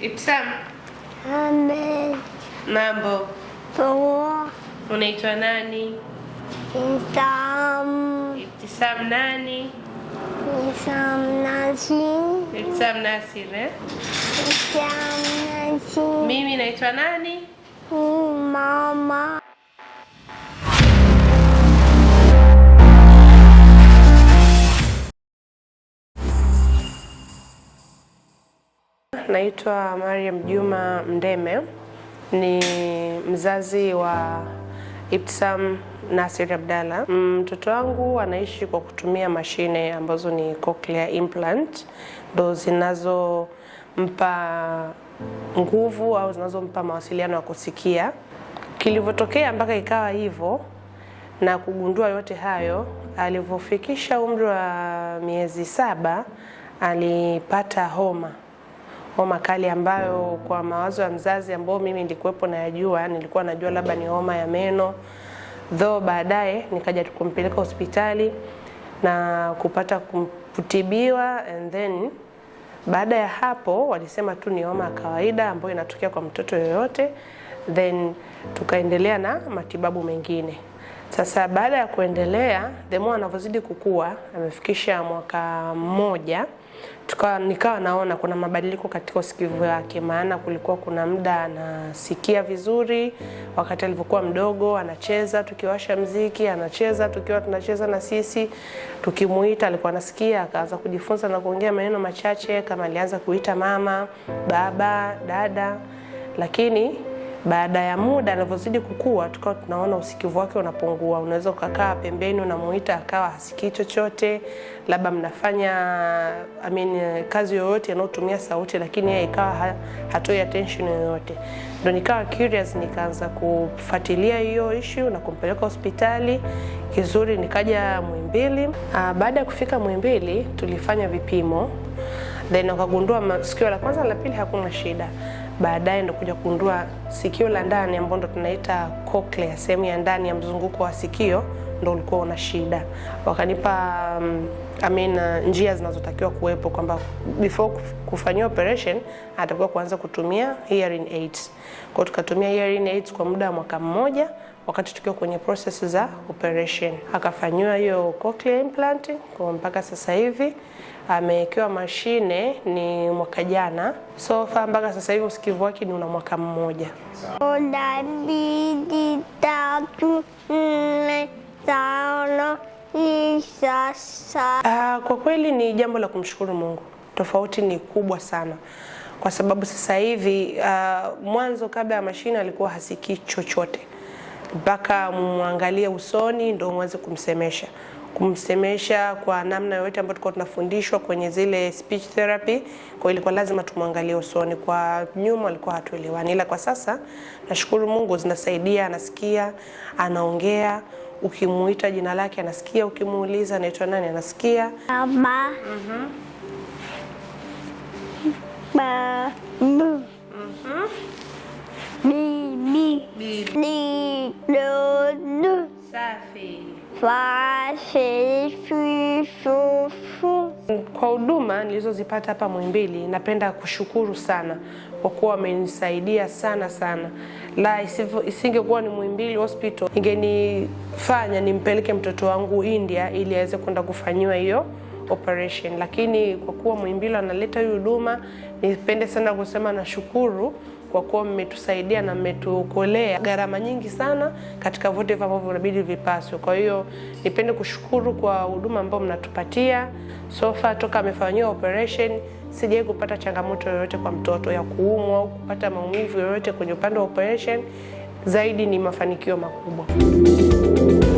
Ibsam. Amen. Mambo. Poa. Unaitwa nani? Ibsam. Ibsam nani? Ibsam Nasir. Ibsam Nasir, eh? Ibsam Nasir. Mimi naitwa nani? Mama. naitwa Mariam Juma Mdeme, ni mzazi wa Ibtisam Nasir Abdalla. Mtoto wangu anaishi kwa kutumia mashine ambazo ni cochlear implant, ndo zinazompa nguvu au zinazompa mawasiliano ya kusikia. Kilivyotokea mpaka ikawa hivyo na kugundua yote hayo, alivyofikisha umri wa miezi saba alipata homa homa kali ambayo kwa mawazo ya mzazi ambao mimi nilikuwepo nayajua, nilikuwa najua labda ni homa ya meno, though baadaye nikaja kumpeleka hospitali na kupata kutibiwa, and then baada ya hapo walisema tu ni homa ya kawaida ambayo inatokea kwa mtoto yoyote, then tukaendelea na matibabu mengine. Sasa baada ya kuendelea demo anavyozidi kukua, amefikisha mwaka mmoja, tukawa nikawa naona kuna mabadiliko katika usikivu wake, maana kulikuwa kuna muda anasikia vizuri. Wakati alivyokuwa mdogo, anacheza tukiwasha mziki, anacheza tukiwa tunacheza na sisi, tukimuita alikuwa anasikia. Akaanza kujifunza na kuongea maneno machache, kama alianza kuita mama, baba, dada, lakini baada ya muda alivyozidi kukua, tukawa tunaona usikivu wake unapungua. Unaweza ukakaa pembeni, unamuita akawa hasikii chochote, labda mnafanya I mean, kazi yoyote anayotumia sauti, lakini yeye ikawa hatoi attention yoyote. Ndo nikawa curious, nikaanza kufuatilia hiyo issue na kumpeleka hospitali. Kizuri nikaja Muhimbili. Ah, baada ya kufika Muhimbili tulifanya vipimo, then wakagundua sikio la kwanza la pili hakuna shida baadaye ndo kuja kugundua sikio la ndani ambalo ndo tunaita cochlea, sehemu ya ndani ya mzunguko wa sikio ndo ulikuwa una shida. Wakanipa um, amina uh, njia zinazotakiwa kuwepo kwamba before kufanyia operation atakuwa kuanza kutumia hearing aids. Kwa tukatumia hearing aids kwa muda wa mwaka mmoja wakati tukiwa kwenye process za operation. Akafanyiwa hiyo cochlear implant kwa mpaka sasa hivi amewekewa mashine ni mwaka jana, so far mpaka sasa hivi usikivu wake ni una mwaka mmoja. mbili tatu nne tano tisa saba. Ah, kwa kweli ni jambo la kumshukuru Mungu, tofauti ni kubwa sana kwa sababu sasa hivi uh, mwanzo kabla ya mashine alikuwa hasikii chochote mpaka mumwangalie usoni ndo mwanze kumsemesha kumsemesha kwa namna yoyote ambayo tulikuwa tunafundishwa kwenye zile speech therapy. Kwa ilikuwa lazima tumwangalie usoni, kwa nyuma alikuwa hatuelewani, ila kwa sasa nashukuru Mungu zinasaidia, anasikia, anaongea. Ukimuita jina lake anasikia, ukimuuliza anaitwa nani anasikia. Mama. mm -hmm. Ba. Kwa huduma nilizozipata hapa Muhimbili, napenda kushukuru sana kwa kuwa wamenisaidia sana sana. La isingekuwa ni Muhimbili Hospital, ingenifanya nimpeleke mtoto wangu India ili aweze kwenda kufanyiwa hiyo operation, lakini kwa kuwa Muhimbili analeta hii huduma, nipende sana kusema nashukuru kwa kuwa mmetusaidia na mmetuokolea gharama nyingi sana katika vote hivyo ambavyo inabidi vipaswe. Kwa hiyo nipende kushukuru kwa huduma ambayo mnatupatia sofa. Toka amefanyiwa operation sijai kupata changamoto yoyote kwa mtoto ya kuumwa au kupata maumivu yoyote kwenye upande wa operation. Zaidi ni mafanikio makubwa.